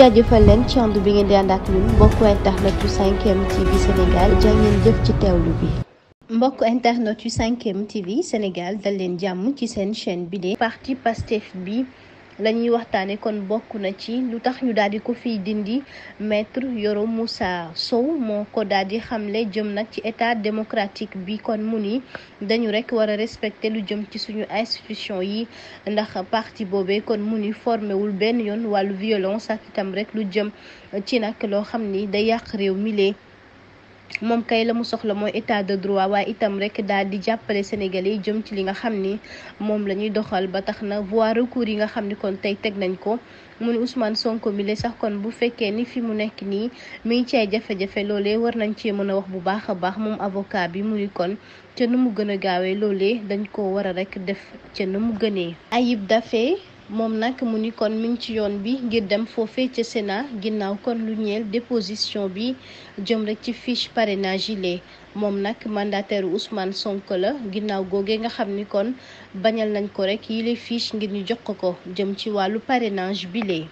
jaajëfal leen ci ànd bi ngeen di ànd ak ñun mbokku internet yu 5M TV Sénégal jàngeen jëf ci teewlu bi. mbokk internet yu 5M TV Sénégal dal leen jàmm ci seen chaine bi de parti Pastef bi. lañuy ñuy waxtaane kon bokk na ci lu tax ñu daal di ko fiy dindi maître Yoro Moussa Sow moo ko daal di xamle jëm nag ci état démocratique bi kon mu ni dañu rek war a respecter lu jëm ci suñu institution yi ndax parti boobe kon mu ni formé wul benn yoon wàllu violence ak itam rek lu jëm ci nag loo xam ni day yàq réew mi moom kay la mu soxla mooy état de droit waaye itam rek daal di jàppale sénégal yi jëm ci li nga xam ni moom la ñuy doxal ba tax na voie recours yi nga xam ni kon tey teg nañ ko mu ni Ousmane Sonko mi sax kon bu fekkee ni fi mu nekk nii mi ngi ci ay jafe-jafe loolee war nañ cee mën a wax bu baax a baax moom avocat bi mu ni kon ca nu mu gën a gaawee loolee dañ ko war a rek def ca nu mu gënee Ayib dafe moom nag mu ni kon mi ngi ci yoon bi ngir dem foofee ca Sénat ginnaaw kon lu ñeel déposition bi jëm rek ci fiche parrainage yi moom nag mandataire Ousmane Sonko la ginnaaw googee nga xam ni kon bañal nañ ko rek yile fiche ngir ñu jox ko ko jëm ci wàllu parrainage bi lee